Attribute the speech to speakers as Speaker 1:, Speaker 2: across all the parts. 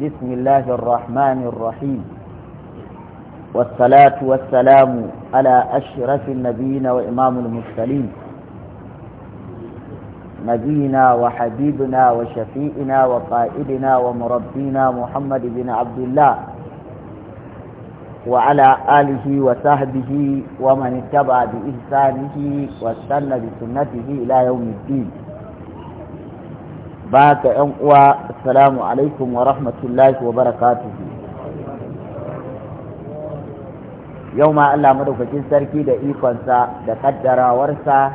Speaker 1: بسم الله الرحمن الرحيم والصلاة والسلام على أشرف النبيين وإمام المرسلين نبينا وحبيبنا وشفيئنا وقائدنا ومربينا محمد بن عبد الله وعلى آله وصحبه ومن اتبع بإحسانه واستنى بسنته إلى يوم الدين Ba ka yan uwa assalamu alaikum wa rahmatullahi wa barakatuhu yau ma Allah madaukakin sarki da ikonsa da kaddarawarsa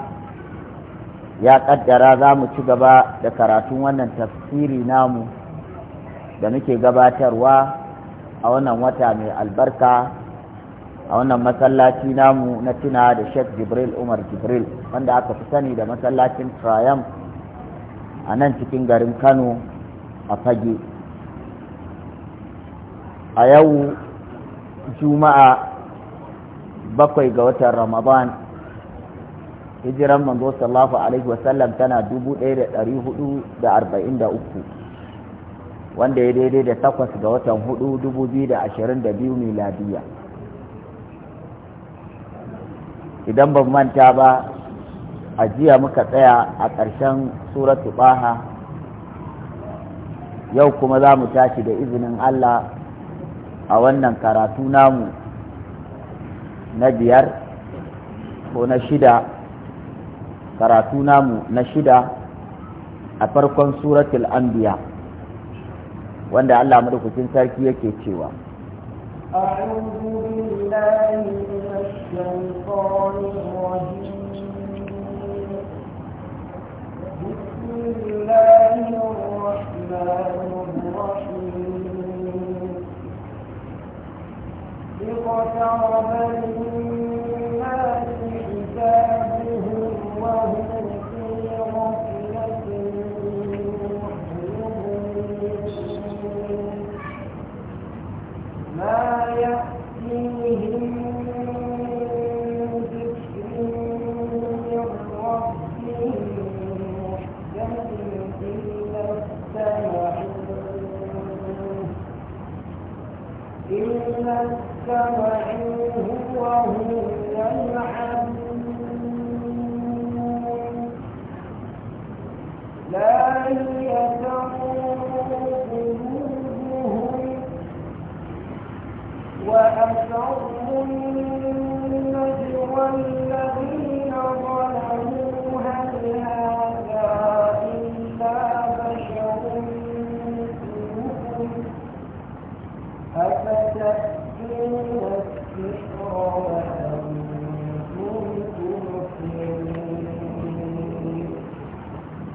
Speaker 1: ya kaddara za mu ci gaba da karatun wannan tafsiri namu da muke gabatarwa a wannan wata mai albarka a wannan masallaci namu na tuna da Sheikh Jibril Umar Jibril wanda aka fi sani da masallacin Triumph a nan cikin garin kano a fage a yau juma'a bakwai ga watan ramadan hijiran manzo sallallahu alaihi wasallam tana uku, wanda ya daidai da takwas ga watan hudu biyu miladiya idan ban manta ba ajiya muka tsaya a ƙarshen suratu baha yau kuma za mu tashi da izinin Allah a wannan karatu namu na biyar ko na shida karatu namu na shida a farkon suratul anbiya wanda Allah madaukakin sarki yake cewa
Speaker 2: أعوذ بالله من الشيطان الرجيم الله الرحمن الرحيم اقترب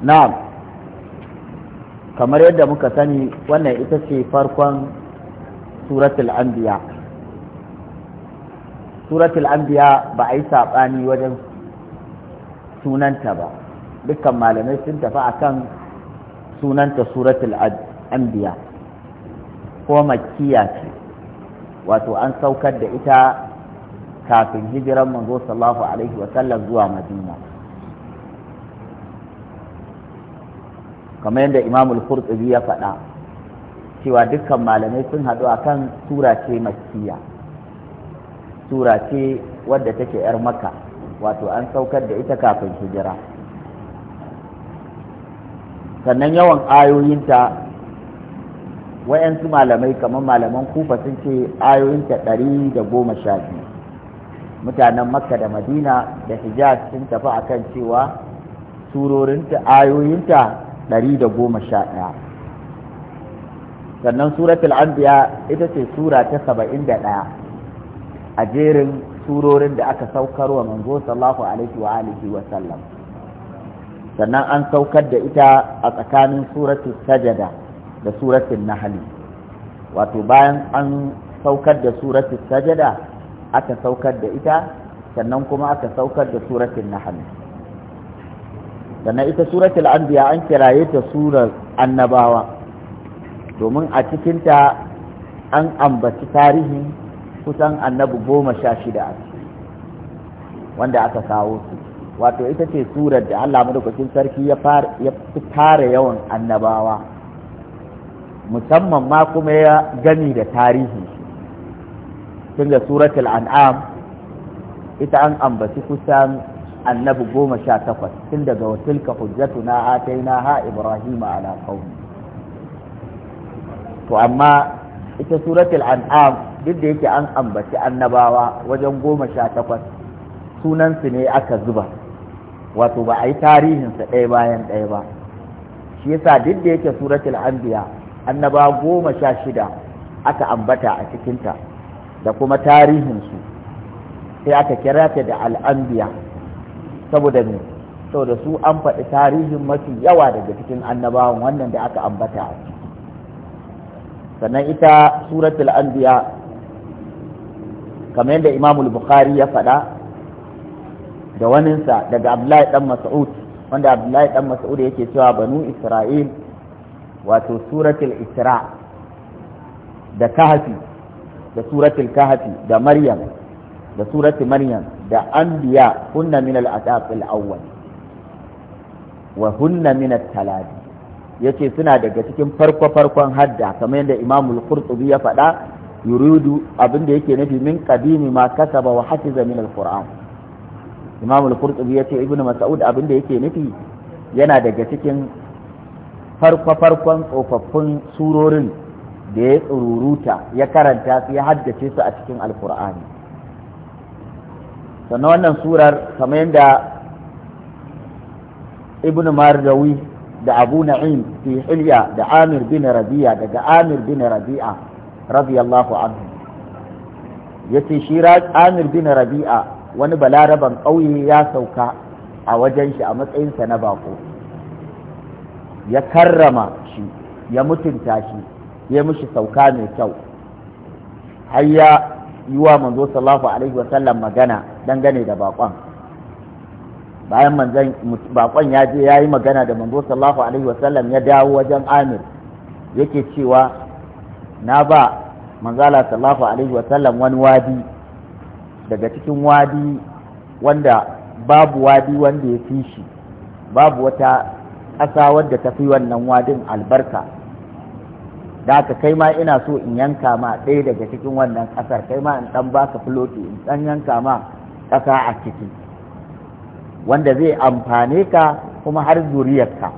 Speaker 1: na'am kamar yadda muka sani wannan ita ce farkon suratul anbiya suratul anbiya ba a yi saɓani wajen sunanta ba dukkan malamai sun tafi akan sunanta suratul anbiya ko makkiya ce wato an saukar da ita kafin hijiran manzo sallallahu alaihi wasallam zuwa madina kamar yadda imam al-qurtubi ya faɗa cewa dukkan malamai sun haɗu akan tura ce makkiya tura ce wadda take yar maka wato an saukar da ita kafin hijira sannan yawan ayoyinta wayansu malamai kamar malaman kufa sun ce ayoyinta ɗari da goma sha biyu mutanen makka da madina da hijaz sun tafi akan cewa surorinta ayoyinta 111 sannan suratul anbiya ita ce sura ta 71 a jerin surorin da aka saukar wa manzo Sallahu alaihi wa alihi wa sallam sannan an saukar da ita a tsakanin suratul sajada da suratul nahli wato bayan an saukar da suratul sajada aka saukar da ita sannan kuma aka saukar da suratul nahli sannan ita suratul anbiya an kiraye ta surar annabawa domin a cikinta an ambaci tarihin kusan annabi goma sha shida a wanda aka kawo su wato ita ce surar da allah madaukakin sarki ya fi tara yawan annabawa musamman ma kuma ya gani da tarihi tun da suratul an'am ita an ambaci kusan annabi goma sha takwas tun daga watilka hujjatuna ataina ha ibrahim ala qaumi to amma ita suratul an'am duk da yake an ambaci annabawa wajen goma sha takwas sunansu ne aka zuba wato ba a yi tarihinsa ɗaya bayan ɗaya ba shi yasa duk da yake suratul anbiya annaba goma sha shida aka ambata a cikinta da kuma tarihinsu sai aka kira ta da al'ambiya saboda ne saboda su an faɗi tarihin mafi yawa daga cikin annabawan wannan da aka ambata a sannan ita suratul anbiya kamar yadda imamul bukhari ya faɗa da waninsa daga abdullahi dan mas'ud wanda abdullahi dan mas'ud yake cewa banu isra'il wato suratul isra da kahafi da suratul kahafi da maryam da surati maryam da anbiya hunna min al-ataq al-awwal wa hunna min al yace suna daga cikin farko farkon hadda kamar yadda Imam al-Qurtubi ya faɗa yuridu abin da yake nufi min qadimi ma kasaba wa hafiza min al-Qur'an Imam al-Qurtubi yace ibnu Mas'ud abin da yake nufi yana daga cikin farko farkon tsofaffin surorin da ya tsururuta ya karanta su ya haddace su a cikin al-Qur'ani sannan wannan surar kamar yadda ibn mardawi da abu na'im fi hilya da amir bin rabi'a daga amir bin rabi'a radiyallahu anhu yace shi amir bin rabi'a wani balaraban ƙauye ya sauka a wajen shi a matsayinsa na bako ya karrama shi ya mutunta shi ya mishi sauka mai kyau har ya yi wa manzo sallallahu alaihi wasallam magana dangane da bakon bayan manzan bakon ya je ya yi magana da manzo sallallahu alaihi wasallam ya dawo wajen amir yake cewa na ba manzala sallallahu alaihi wasallam wani wadi daga cikin wadi wanda babu wadi wanda ya fi shi babu wata ƙasa wadda ta fi wannan wadin albarka da aka kai ma ina so in yanka ma ɗaya daga cikin wannan ƙasar kai ma in ɗan baka filoti in ɗan yanka ma ƙasa a ciki wanda zai amfane ka kuma har zuriyarka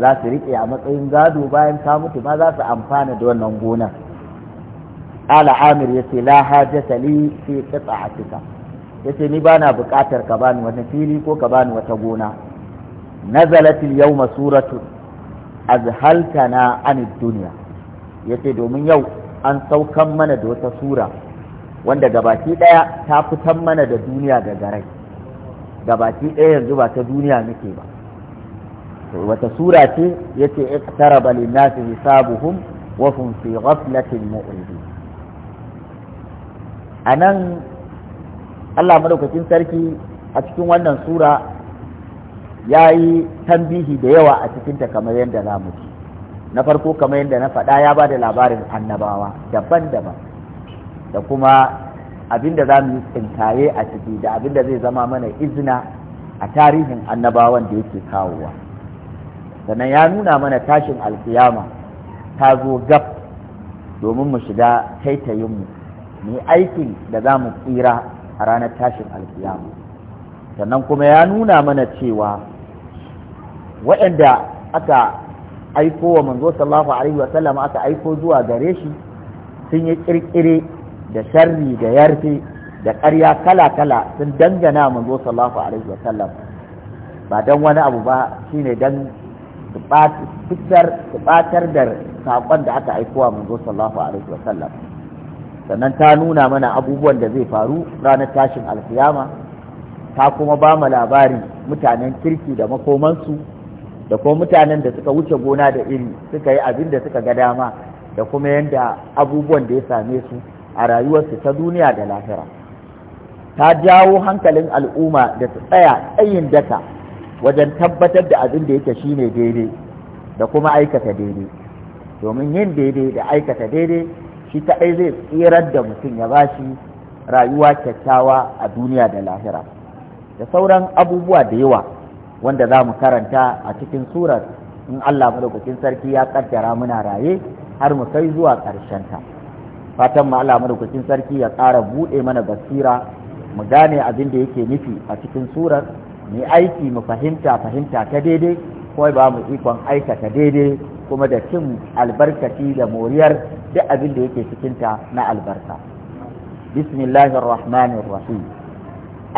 Speaker 1: za su riƙe a matsayin gado bayan ka mutu ma za su amfana da wannan gonar ala amir ya ce la hajjata li fi Ya yace ni bana buƙatar ka bani wani fili ko ka bani wata gona nazalatil yau suratu azhaltana anid Ya yace domin yau an saukan mana da wata sura wanda gabaki ɗaya ta fitan mana da duniya ga garai gabaki ɗaya yanzu ba ta duniya muke ba wata sura ce yace iqtaraba lin-nasi hisabuhum wa hum fi ghaflatin mu'ridin anan Allah madaukakin sarki a cikin wannan sura ya yi tambihi da yawa a cikinta kamar yadda za mu ci na farko kamar yadda na faɗa ya ba da labarin annabawa daban-daban da kuma abinda za mu yi tsinkaye a ciki da abin da zai zama mana izina a tarihin annabawan da yake kawowa sannan ya nuna mana tashin alkiyama ta zo gab domin mu shiga taitayinmu mu aikin da za mu tsira a ranar tashin alkiyama sannan kuma ya nuna mana cewa waɗanda aka aiko wa manzo sallallahu alaihi wa sallam aka aiko zuwa gare shi sun yi kirkire da sharri da yarfe da ƙarya kala-kala sun dangana manzo sallallahu alaihi wa sallam ba don wani abu ba shine don su ɓatar da saƙon da aka aikowa manzo sallallahu alaihi wa sallam sannan ta nuna mana abubuwan da zai faru ranar tashin alkiyama ta kuma ba mu labari mutanen kirki da makomansu da kuma mutanen da suka wuce gona da iri suka yi abin da suka ga dama da kuma yadda abubuwan da ya same su a rayuwarsu ta duniya da lahira ta jawo hankalin al'umma da ta tsaya tsayin daka wajen tabbatar da abin da yake shine daidai da kuma aikata daidai domin yin daidai da aikata daidai shi kaɗai zai tsirar da mutum ya ba shi rayuwa kyakkyawa a duniya da lahira da sauran abubuwa da yawa wanda za mu karanta a cikin surar in allah madaukakin sarki ya kaddara muna raye har mu kai zuwa ƙarshenta. ta fatan mu Allah madaukakin sarki ya ƙara buɗe mana basira mu gane abin da yake nufi a cikin surar mu aiki mu fahimta fahimta ta daidai kuma ba mu ikon aikata daidai kuma da cin albarkaci da moriyar duk abin da yake cikinta na albarka bismillahir rahmanir rahim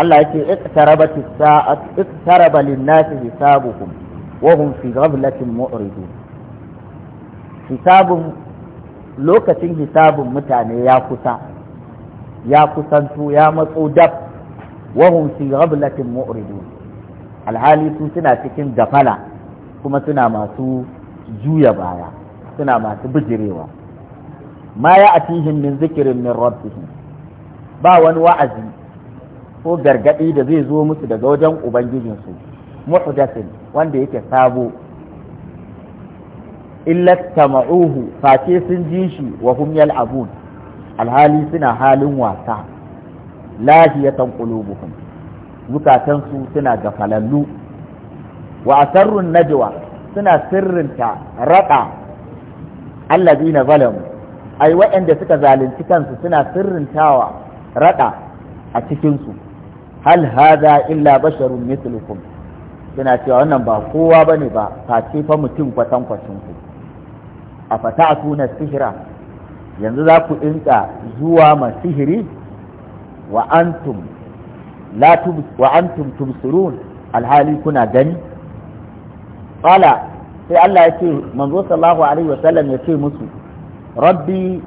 Speaker 1: Allah yake iqtarabati sa'at iqtaraba lin-nasi hisabuhum wa hum fi ghaflatin mu'ridun hisabun lokacin hisabin mutane ya kusa ya kusantu ya matso dab wahum fi ghaflatin mu'ridun alhali su suna cikin gafala kuma suna masu juya baya suna masu bijirewa ma ya atihim min zikirin min rabbihim ba wani wa'azi ko gargadi da zai zo musu daga wajen ubangijinsu muhdathin wanda yake sabo illa tama'uhu face sun ji shi wa hum yal'abun alhali suna halin wasa lahiyatan qulubuhum zukatan su suna gafalallu wa asarrun najwa suna sirrinta raqa allazina zalamu ai waɗanda suka zalunci kansu suna sirrintawa raɗa a cikinsu. hal haza illa basharun mislukum suna cewa wannan ba kowa bane ba face fa mutum kwatankwacin ku a fata suna sihira yanzu za ku inka zuwa ma sihiri wa antum la wa alhali kuna gani qala sai Allah ya ce manzo sallallahu alaihi wasallam ya ce musu rabbi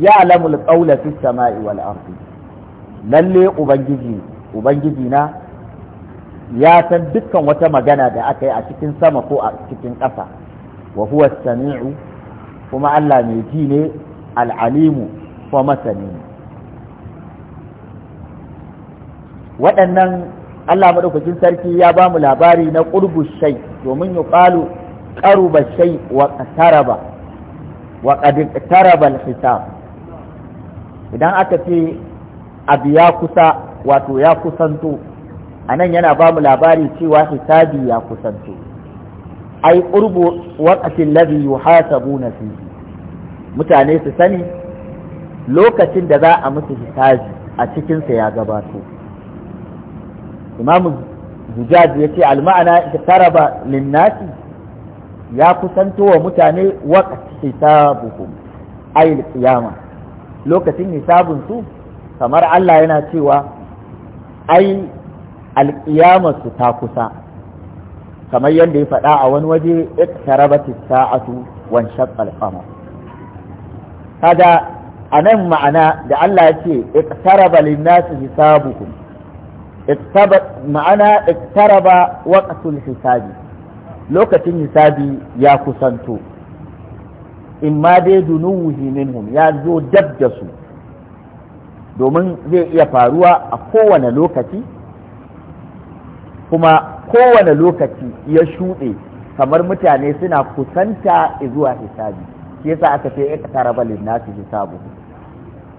Speaker 1: ya al-qawla samai wal lalle ubangiji ubangiji na ya san dukkan wata magana da aka yi a cikin sama ko a cikin ƙasa wa huwa samiu kuma Allah mai ji ne al'alimu kuma masani waɗannan Allah maɗaukakin sarki ya ba mu labari na ƙurbu shai domin ya ƙalu ƙaruba shai wa ƙasaraba wa idan aka ce abu ya kusa wato ya kusanto a nan yana ba mu labari cewa hisabi ya kusanto ai qurbu waqtin ladhi yuhasabuna fihi mutane su sani lokacin da za a musu hisabi a sa ya gabato imamu zujaj ya ce alma'ana taraba nasi ya kusanto wa mutane waqti hisabuhum ay qiyama lokacin hisabun su kamar Allah yana cewa ai alƙiyamarsu ta kusa kamar yadda ya faɗa a wani waje iqtarabati sa'atu wan shaqqal qamar kaga anan ma'ana da Allah ya ce iqtaraba lin-nasi hisabuhum ma'ana iqtaraba waqtul hisabi lokacin hisabi ya kusanto imma dai dunuhi minhum ya zo dab da su domin zai iya faruwa a kowane lokaci kuma kowane lokaci ya shuɗe kamar mutane suna kusanta zuwa hisabi shi yasa aka ce ya kasara balin nasu hisabu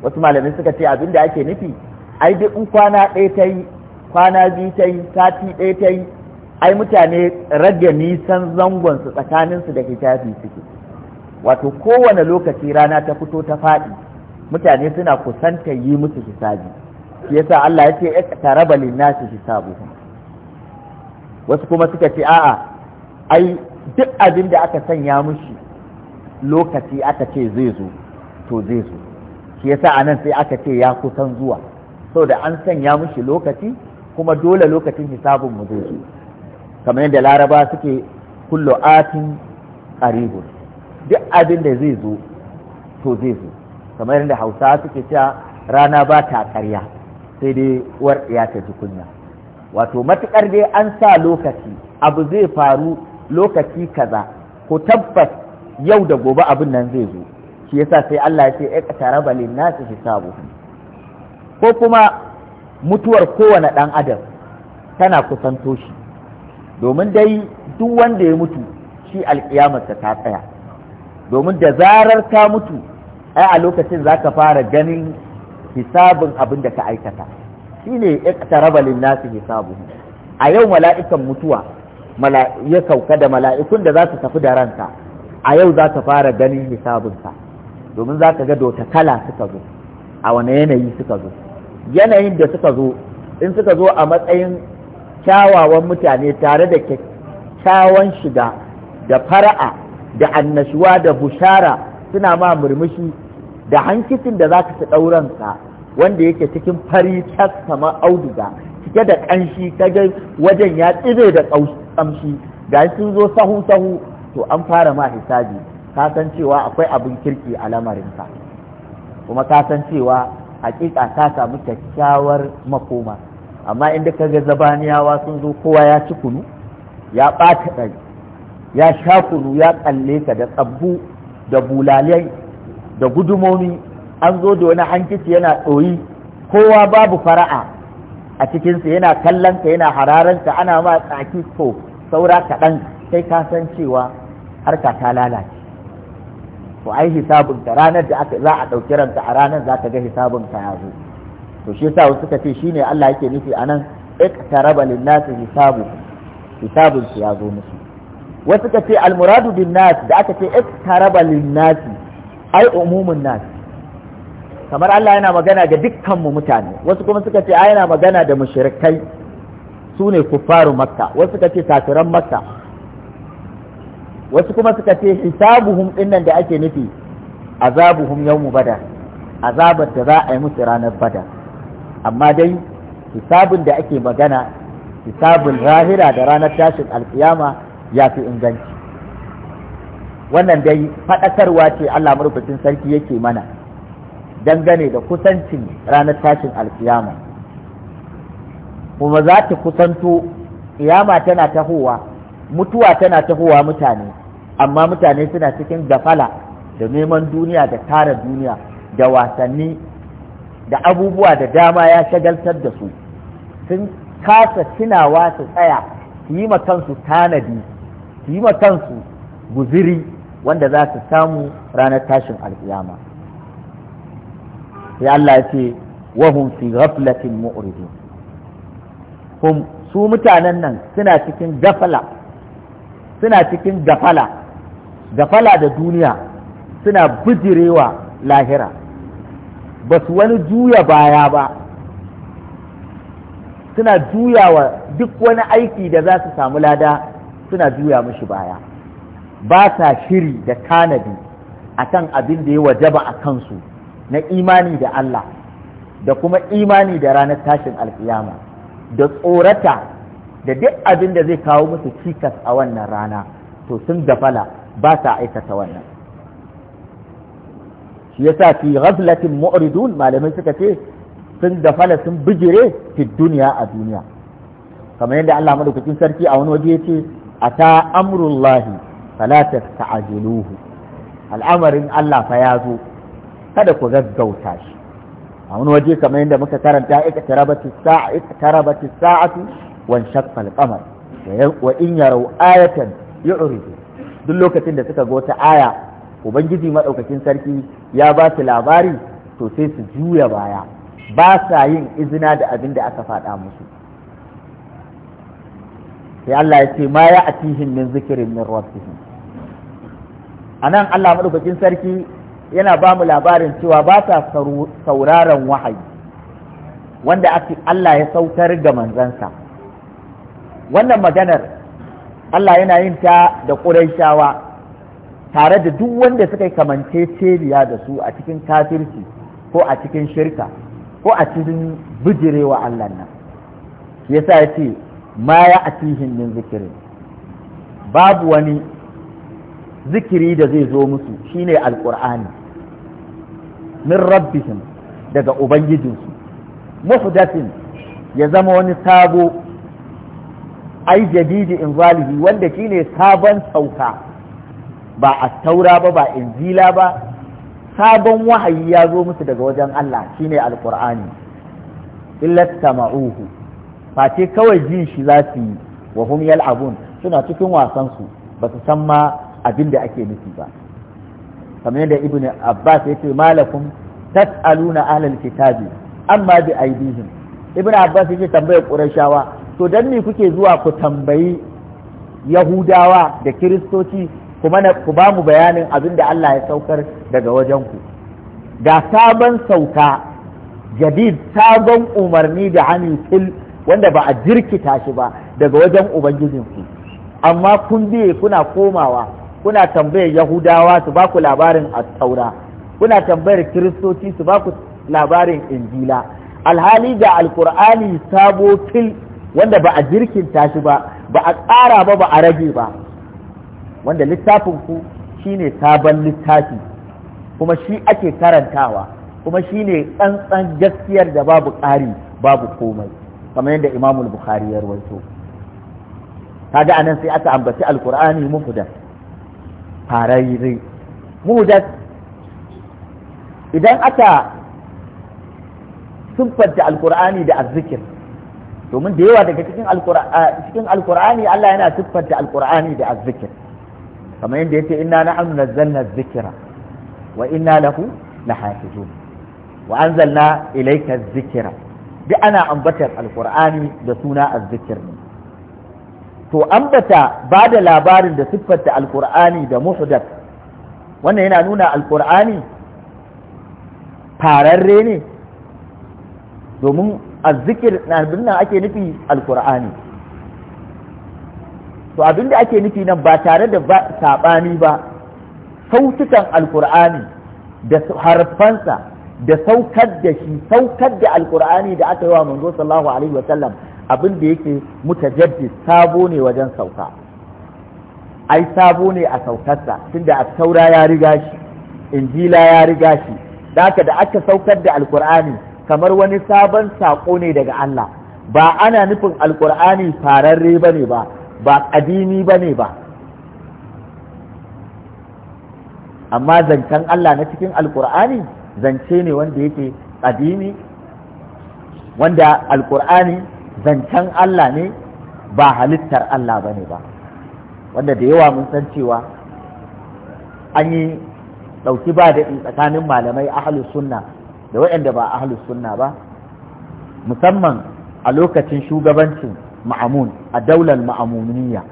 Speaker 1: wasu malamai suka ce abin da ake nufi ai duk in kwana ɗaya ta yi kwana biyu ta yi sati ɗaya ta yi ai mutane rage nisan zangonsu tsakaninsu da hisabi suke wato kowane lokaci rana ta fito ta faɗi mutane suna kusanta yi musu hisabi shi yasa Allah ya ce ya taraba su hisabu wasu kuma suka ce a'a ai duk abin da aka sanya mushi lokaci aka ce zai zo to zai zo shi yasa a nan sai aka ce ya kusan zuwa saboda an sanya mushi lokaci kuma dole lokacin hisabin mu zai zo kamar yadda laraba suke kullu atin qaribun duk abin da zai zo to zai zo kamar yadda hausa suke cewa rana ba ta ƙarya sai dai uwar ya ta ji kunya wato matukar dai an sa lokaci abu zai faru lokaci kaza ko tabbas yau da gobe abin nan zai zo shi yasa sai Allah ya ce ai tare balin nasu hisabu ko kuma mutuwar kowane ɗan adam tana kusanto shi domin dai duk wanda ya mutu shi alƙiyamarsa ta tsaya domin da zarar ta mutu ai a lokacin zaka fara ganin hisabin abin da ka aikata shine iqtaraba lin-nasi hisabuhu a yau mala'ikan mutuwa ya sauka da mala'ikun da za su tafi da ranka a yau za ta fara ganin hisabunsa, domin za ka ga dota kala suka zo a wane yanayi suka zo yanayin da suka zo in suka zo a matsayin kyawawan mutane tare da kyawawan shiga da fara'a da annashuwa da bushara suna ma murmushi da hankicin da za ka ci wanda yake cikin fari tas kamar auduga cike da kanshi kage wajen ya tsire da kamshi ga sun zo sahu sahu to an fara ma hisabi ka san cewa akwai abin kirki a lamarinka kuma ka san cewa hakika ta samu kyakkyawar makoma amma inda kaga zabaniyawa sun zo kowa ya ci kunu ya ɓata ɗari ya sha kunu ya ƙalle ka da tsabbu da bulalai da gudumomi an zo da wani hankici yana ɗoyi kowa babu fara'a a cikinsa yana kallonka yana hararanta ana ma tsaki ko saura kaɗan sai ka san cewa harka ta lalace to ai hisabinka ranar da za a ɗauki ranta a ranar za ka ga hisabinka ya zo to shi yasa wasu suka ce shine Allah yake nufi anan iqtaraba lin-nasi hisabu hisabun su ya zo musu wasu suka ce al-muradu bin-nas da aka ce iqtaraba lin-nasi ai umumun nas kamar Allah yana magana ga dukkanmu mutane wasu kuma suka ce a yana magana da mushrikai su ne kuffaru makka wasu suka ce kafiran makka wasu kuma suka ce hisabuhum dinnan da ake nufi azabuhum yawmu badar azabar da za a yi musu ranar badar amma dai hisabin da ake magana hisabin rahira da ranar tashin alkiyama ya fi inganci wannan dai faɗakarwa ce Allah marubucin sarki yake mana dangane da kusancin ranar tashin alkiyama kuma za ta kusanto kiyama tana tahowa mutuwa tana tahowa mutane amma mutane suna cikin gafala da neman duniya da tara duniya da wasanni da abubuwa da dama ya shagaltar da su sun kasa tunawa su tsaya su yi kansu tanadi su yi kansu guziri wanda za su samu ranar tashin alkiyama sai Allah ya ce wahum fi ghaflatin mu'ridin hum su mutanen nan suna cikin gafala suna cikin gafala gafala da duniya suna bijirewa lahira ba su wani juya baya ba suna juyawa duk wani aiki da za su samu lada suna juya mishi baya ba sa shiri da tanadi akan abin da ya wajaba a kansu na imani da Allah da kuma imani da ranar tashin alkiyama da tsorata da duk abin da zai kawo musu cikas a wannan rana to sun gafala ba sa aikata wannan shi yasa fi ghaflatin mu'ridun malamai suka ce sun gafala sun bijire fi duniya a duniya kamar yadda Allah madaukakin sarki a wani waje yace ata amrullahi fala tastajiluhu al'amarin Allah fa ya zo kada ku gaggauta shi a wani waje kamar yadda muka karanta ita tarabati sa'a ita tarabati sa'atu wan shaqqal qamar wa in yaraw ayatan yu'ridu duk lokacin da suka ga wata aya ubangiji madaukakin sarki ya ba su labari to sai su juya baya ba sa yin izina da abin da aka faɗa musu sai Allah ya ce ma ya atihin min zikirin min rabbihim anan Allah madaukakin sarki yana ba mu labarin cewa ba ta sauraron wahayi wanda ake Allah ya sautar ga manzansa wannan maganar Allah yana yin ta da ƙuraishawa tare da duk wanda suka yi kamance ceriya da su a cikin kafirci ko a cikin shirka ko a cikin bijirewa Allah nan yasa ya ce ma ya atihin min zikirin babu wani zikiri da zai zo musu shine alƙur'ani min rabbihim daga ubangijinsu muhdathin ya zama wani sabo ai jadidi in zalihi wanda shine sabon sauka ba a taura ba ba injila ba sabon wahayi ya zo musu daga wajen Allah shine alƙur'ani illa sama'uhu face kawai jin shi za su yi wa hum yal'abun suna cikin wasan su ba su san ma abin da ake nufi ba kamar yadda ibn abbas ya ce malakum tas'aluna ahlal kitabi amma bi aidihim ibn abbas yake tambayar qurayshawa to dan me kuke zuwa ku tambayi yahudawa da kiristoci kuma na ku ba mu bayanin abin da Allah ya saukar daga wajen ku da sabon sauka jadid sabon umarni da hani fil wanda ba a jirkita shi ba daga wajen ubangijinku amma kun biye kuna komawa kuna tambayar yahudawa su ba ku labarin taura kuna tambayar kiristoci su ba ku labarin injila alhali da alkur'ani sabo til wanda ba a jirkinta shi ba ba a ƙara ba ba a rage ba wanda littafin ku shine sabon littafi kuma shi ake karantawa kuma shine tsantsan gaskiyar da babu ƙari babu komai kamar yadda imamul bukhari ya rawaito kaga anan sai aka ambaci alkur'ani mufdal farari muhdas idan aka siffanta alkur'ani da azzikir domin da yawa daga cikin cikin alkur'ani Allah yana siffanta alkur'ani da azzikir kamar yadda yace inna na'am nazzalna zikira wa inna lahu lahafizun wa anzalna ilayka zikira duk ana ambatar alkur'ani da suna azzikir ne to ambata ba da labarin da siffarta alkur'ani da muhdad, wannan yana nuna alkur'ani fararre ne domin azzikir na nan ake nufi alkur'ani to abinda ake nufi nan ba tare da saɓani ba sautukan alkur'ani da harfansa da saukar da shi saukar da alkur'ani da aka yi wa manzo sallallahu alaihi wasallam abin da yake mutajaddid sabo ne wajen sauka ai sabo ne a saukarsa tunda taura ya riga shi injila ya riga shi daka da aka saukar da alkur'ani kamar wani sabon sako ne daga Allah ba ana nufin alkur'ani fararre bane ba ba ƙadimi bane ba amma zancen Allah na cikin alkur'ani zance ne wanda yake ƙadimi wanda alkur'ani zancen Allah ne ba halittar Allah ba ne ba wanda da yawa mun san cewa an yi ɗauki ba da tsakanin malamai ahalus sunna da waɗanda ba ahalus sunna ba musamman a lokacin shugabancin ma'amun a daular ma'amuniya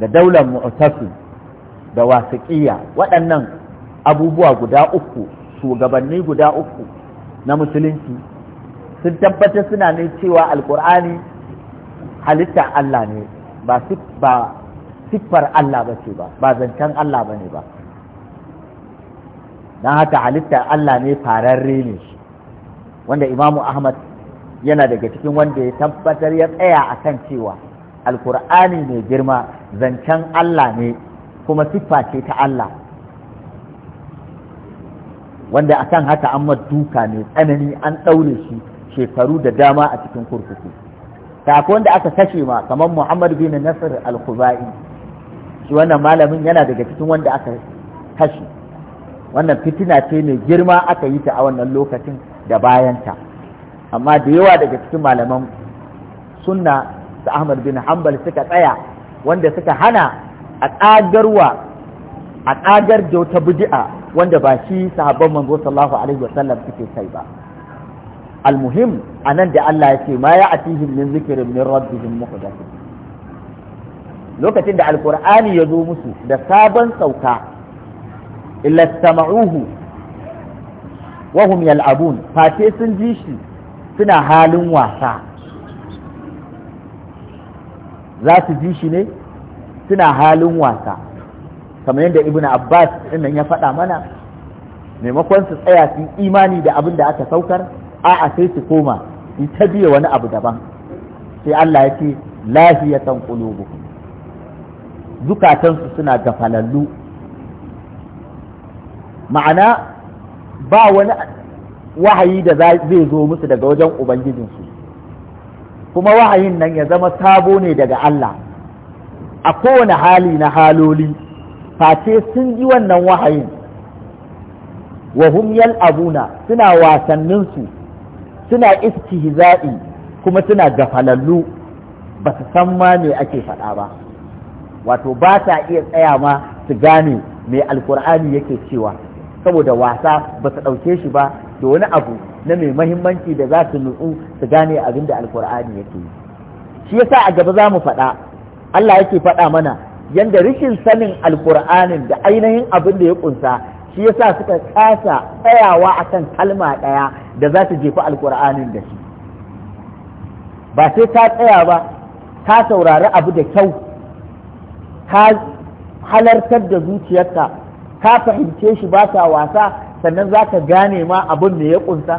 Speaker 1: da daular mu'tasim da wasiƙiya waɗannan abubuwa guda uku shugabanni guda uku na musulunci sun tabbatar suna ne cewa alkur'ani halittar Allah ne ba siffar Allah ba ce ba ba zancen Allah ba ne ba don haka halittar Allah ne fararre ne wanda imamu ahmad yana daga cikin wanda ya tabbatar ya tsaya a kan cewa alkur'ani mai girma zancen Allah ne kuma siffa ce ta Allah wanda akan haka an duka ne tsanani an ɗaure shi shekaru da dama a cikin kurkuku ta wanda aka kashe ma kamar muhammad bin nasir al-khuzai shi wannan malamin yana daga cikin wanda aka kashe wannan fitina ce mai girma aka yi ta a wannan lokacin da bayanta amma da yawa daga cikin malaman sunna da ahmad bin hanbal suka tsaya wanda suka hana a ƙagarwa a da wata bid'a wanda ba shi sahabban manzo sallallahu alaihi wasallam suke kai ba almuhim anan da Allah ya ce ma ya atihim min zikrin min rabbihim muhdath lokacin da alkur'ani ya zo musu da sabon sauka illa sama'uhu wa hum yal'abun fate sun ji shi suna halin wasa za su ji shi ne suna halin wasa kamar yadda ibnu abbas in ɗin ya faɗa mana maimakon su tsaya su imani da abin da aka saukar a'a sai su koma in ta biya wani abu daban sai Allah ya ce lahiyatan Kulubu. zukatansu suna gafalallu ma'ana ba wani wahayi da zai zo musu daga wajen ubangijinsu kuma wahayin nan ya zama sabo ne daga Allah a kowane hali na haloli face sun ji wannan wahayin wa hum yal'abuna suna wasanninsu suna istihza'i kuma suna gafalallu ba su san ma me ake faɗa ba wato ba ta iya tsaya ma su gane me alkur'ani yake cewa saboda wasa ba su ɗauke shi ba da wani abu na mai mahimmanci da za su nutsu su gane abin da alkur'ani yake yi shi yasa a gaba za mu faɗa Allah yake faɗa mana yanda rikin sanin alkur'anin da ainihin abin da ya ƙunsa. shi yasa suka kasa tsayawa akan kalma ɗaya da za ta jefa alƙur'anin da shi ba sai ta tsaya ba ta saurari abu da kyau ta halartar da zuciyarka ta fahimce shi ba ta wasa sannan za ka gane ma abin da ya ƙunsa.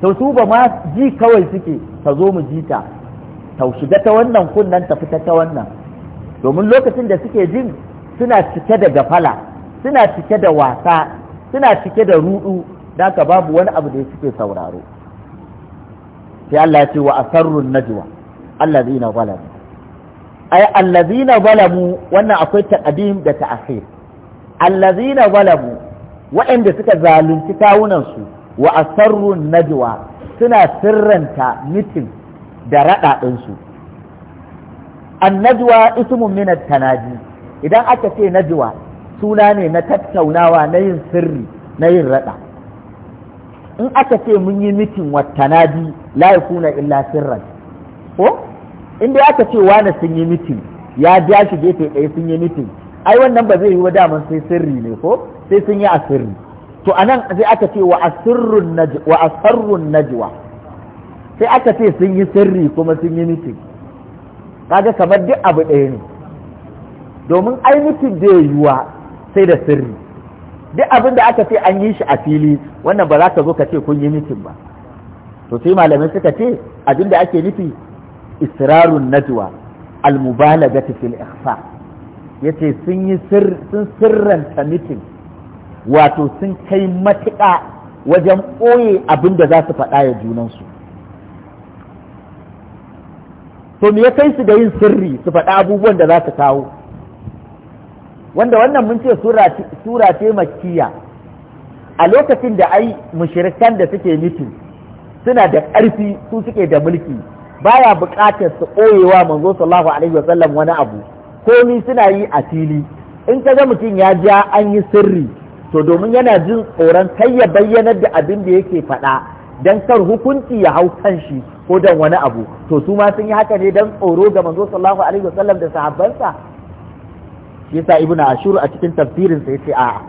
Speaker 1: to su ba ma ji kawai suke ta zo mu ji ta ta shiga ta wannan kunnan ta fita ta wannan domin lokacin da suke jin suna cike da gafala suna cike da wasa suna cike da rudu da ka babu wani abu da suke sauraro sai Allah ya ce wa asarrun najwa allazina zalamu ay allazina zalamu wannan akwai taqdim da ta'khir allazina zalamu waɗanda suka zalunci kawunan su wa asarrun najwa suna sirranta mitin da raɗaɗin su annajwa ismun min tanaji idan aka ce najwa suna ne na tattaunawa na yin sirri na yin raɗa in aka ce mun yi mitin bi la yakuna illa sirran ko in dai aka ce wane sun yi mitin ya ja shi gefe ɗaya sun yi mitin ai wannan ba zai yi wa daman sai sirri ne ko sai sun yi asirri to anan sai aka ce wa a sirrin wa asarrun najwa sai aka ce sun yi sirri kuma sun yi mitin kaga kamar duk abu ɗaya ne domin ai mitin da yiwuwa sai da sirri duk abin da aka ce an yi shi a fili wannan ba za ka zo ka ce kun yi mitin ba to sai malamai suka ce abin da ake nufi israrun najwa almubalagati fil ikhfa yace sun yi sir sun sirranta mitin wato sun kai matuƙa wajen ɓoye abin da za su faɗa ya junansu to me ya kai su da yin sirri su faɗa abubuwan da za su kawo wanda wannan mun ce sura ce makkiya a lokacin da ai mushirikan da suke mutu, suna da ƙarfi su suke da mulki baya buƙatar su ɓoyewa manzo sallallahu alaihi wasallam wani abu komi suna yi a fili in ka ga mutum ya ja an yi sirri to domin yana jin tsoron kai ya bayyanar da abin da yake faɗa dan kar hukunci ya hau kan shi ko dan wani abu to su ma sun yi haka ne dan tsoro ga manzo sallallahu alaihi wasallam da sahabbansa shi yasa ibnu ashur a cikin tafsirin sa yace a'a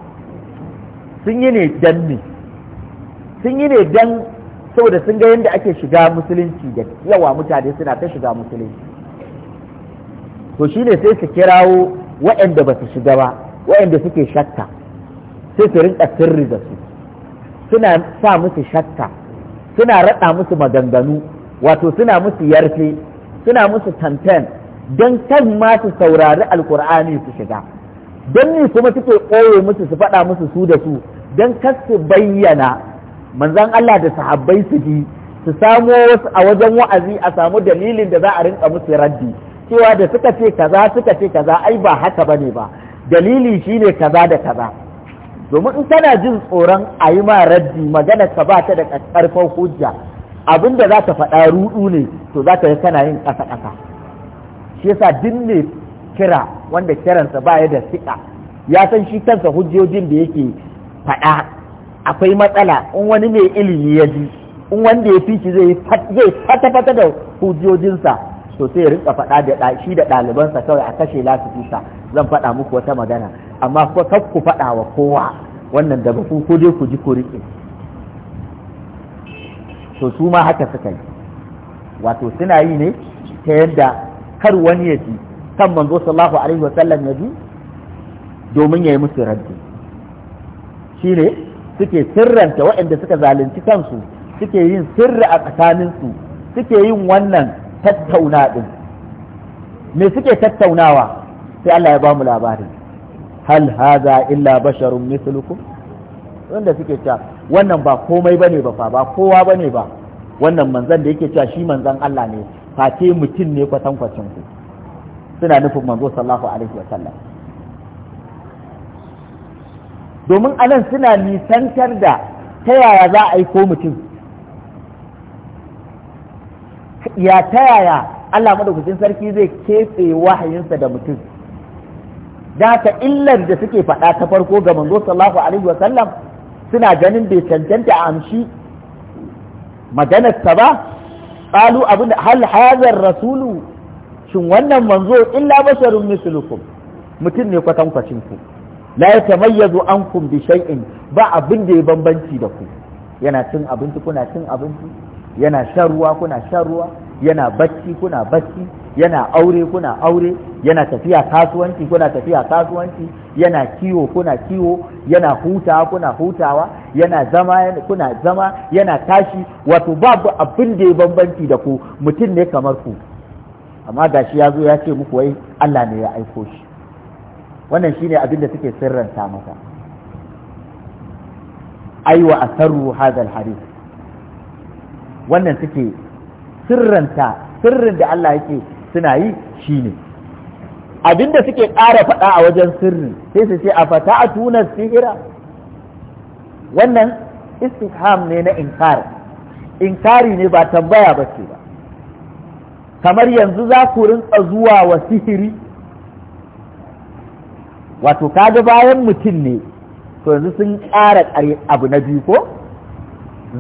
Speaker 1: sun yi ne dan ne sun yi ne dan saboda sun ga yadda ake shiga musulunci da yawa mutane suna ta shiga musulunci to shine sai su kirawo waɗanda ba su shiga ba waɗanda suke shakka sai su rinka sirri da su suna sa musu shakka suna raɗa musu maganganu wato suna musu yarfe suna musu tantan don kan ma su saurari alkur'ani su shiga don ni kuma suke koyo musu su faɗa musu su da su don kas su bayyana manzan Allah da sahabbai su ji su samo wasu a wajen wa'azi a samu dalilin da za a rinka musu raddi cewa da suka ce kaza suka ce kaza ai ba haka ba ne ba dalili shine kaza da kaza domin in kana jin tsoron a yi ma raddi magana ka ba ta da ƙarfin hujja abinda za ka faɗa ruɗu ne to za ka yi kana yin ƙasa-ƙasa shi yasa duk mai kira wanda kiransa ba ya da siƙa ya san shi kansa hujjojin da yake faɗa akwai matsala in wani mai ilimi ya ji in wanda ya fi shi zai fata-fata da hujjojinsa to sai ya rinka faɗa da shi da ɗalibansa kawai a kashe lasifisa zan faɗa muku wata magana amma ko kar ku faɗa wa kowa wannan da ku ko dai ku ji ku riƙe to su ma haka suka yi wato suna yi ne ta yadda kar wani ya ji kan manzo sallallahu alaihi wa sallam ya ji domin ya yi musu raddi shine suke sirranta waɗanda suka zalunci kansu suke yin sirri a su suke yin wannan tattauna din me suke tattaunawa sai Allah ya ba mu labari hal hadha illa basharun mithlukum wanda suke cewa wannan ba komai bane ba fa ba kowa bane ba wannan manzan da yake cewa shi manzan Allah ne face mutum ne kwatankwacin ku suna nufin manzo sallallahu alaihi wa sallam. domin anan suna nisantar da ta yaya za a yi ko mutum ya ta yaya Allah madaukakin sarki zai kefe wahayinsa da mutum da ta illar da suke faɗa ta farko ga manzo sallallahu alaihi wa sallam suna ganin bai cancanta a amshi maganarsa ba qalu abin hal hadha rasulu shin wannan manzo illa basharun mislukum mutum ne kwatankwacin ku la tamayyazu ankum bi shay'in ba abin da ya bambanci da ku yana cin abinci kuna cin abinci yana shan ruwa kuna shan ruwa yana bacci kuna bacci yana aure kuna aure yana tafiya kasuwanci kuna tafiya kasuwanci yana kiwo kuna kiwo yana hutawa kuna hutawa yana zama kuna zama yana tashi wato babu abin da ya bambanci da ku mutum ne kamar ku amma gashi ya zo ya ce muku wai Allah ne ya aiko shi wannan shine abin da suke sirranta maka aiwa asarru hadal hadith wannan suke sirranta sirrin da Allah yake suna yi shi abin abinda suke ƙara faɗa a wajen sirri sai su ce a fata a tuna sihira wannan istifham ne na inkar inkari ne ba tambaya ba ce ba kamar yanzu za ku rinka zuwa wa sihiri wato kaga bayan mutum ne to yanzu sun ƙara abu na biyu ko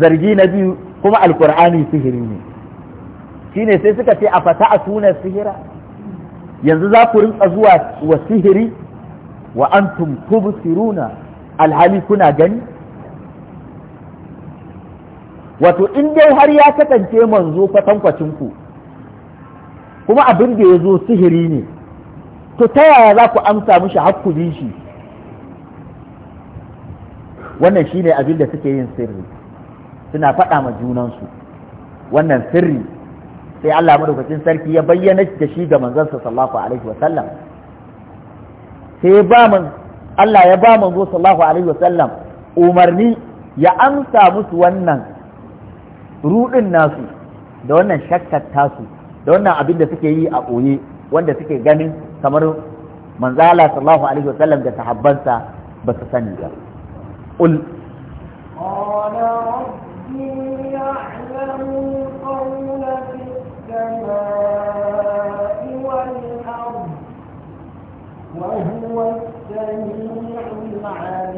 Speaker 1: zargi na biyu kuma alkur'ani sihiri ne shine sai suka ce a fata a tunar sihira yanzu za ku rinka zuwa wa sihiri wa antum tubsiruna alhali kuna gani wato in dai har ya kasance manzo kwatankwacin ku kuma abin da ya zo sihiri ne to ta yaya za ku amsa mishi hakkuli shi wannan shine abin da suke yin sirri suna faɗa ma junansu wannan sirri sai Allah madaukakin sarki ya bayyana da shi ga manzansa sallallahu alaihi wasallam sai ba man Allah ya ba manzo sallallahu alaihi wasallam umarni ya amsa musu wannan rudin nasu da wannan shakkar tasu da wannan abin da suke yi a ɓoye wanda suke ganin kamar manzala sallallahu alaihi wasallam da sahabbansa ba su sani ba
Speaker 3: قل
Speaker 2: قال ربي يعلم والأرض وهو السميع العليم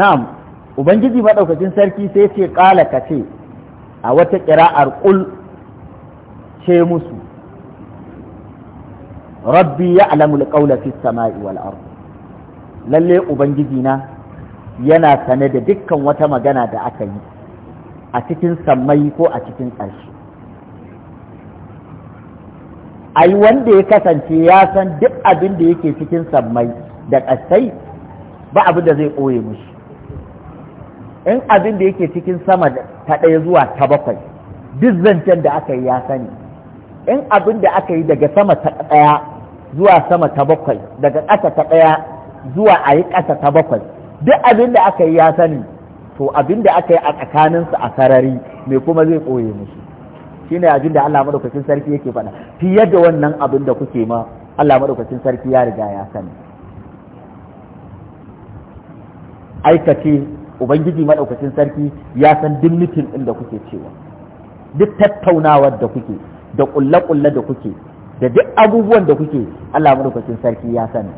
Speaker 1: na'am ubangiji madaukakin sarki sai ce ƙala ka ce a wata ƙira'ar ƙul ce musu rabbi ya alamul ƙaula fi sama'i wal ard lalle ubangiji na yana sane da dukkan wata magana da aka yi a cikin sammai ko a cikin ƙarshe ai wanda ya kasance ya san duk abin da yake cikin sammai da ƙasai ba abin da zai ɓoye mushi in abin da yake cikin sama ta ɗaya zuwa ta bakwai duk zancen da aka yi ya sani in abin da aka yi daga sama ta ɗaya zuwa sama ta bakwai daga ƙasa ta ɗaya zuwa a yi ƙasa ta bakwai duk abin da aka yi ya sani to abin da aka yi a tsakaninsu a sarari mai kuma zai ɓoye musu ne abin da Allah maɗaukacin sarki yake faɗa fiye da wannan abin da kuke ma Allah maɗaukacin sarki ya riga ya sani aikace ubangiji maɗaukacin sarki ya san duk mitin ɗin da kuke cewa duk tattaunawar da kuke da ƙulle-ƙulle da kuke da duk abubuwan da kuke Allah maɗaukacin sarki ya sani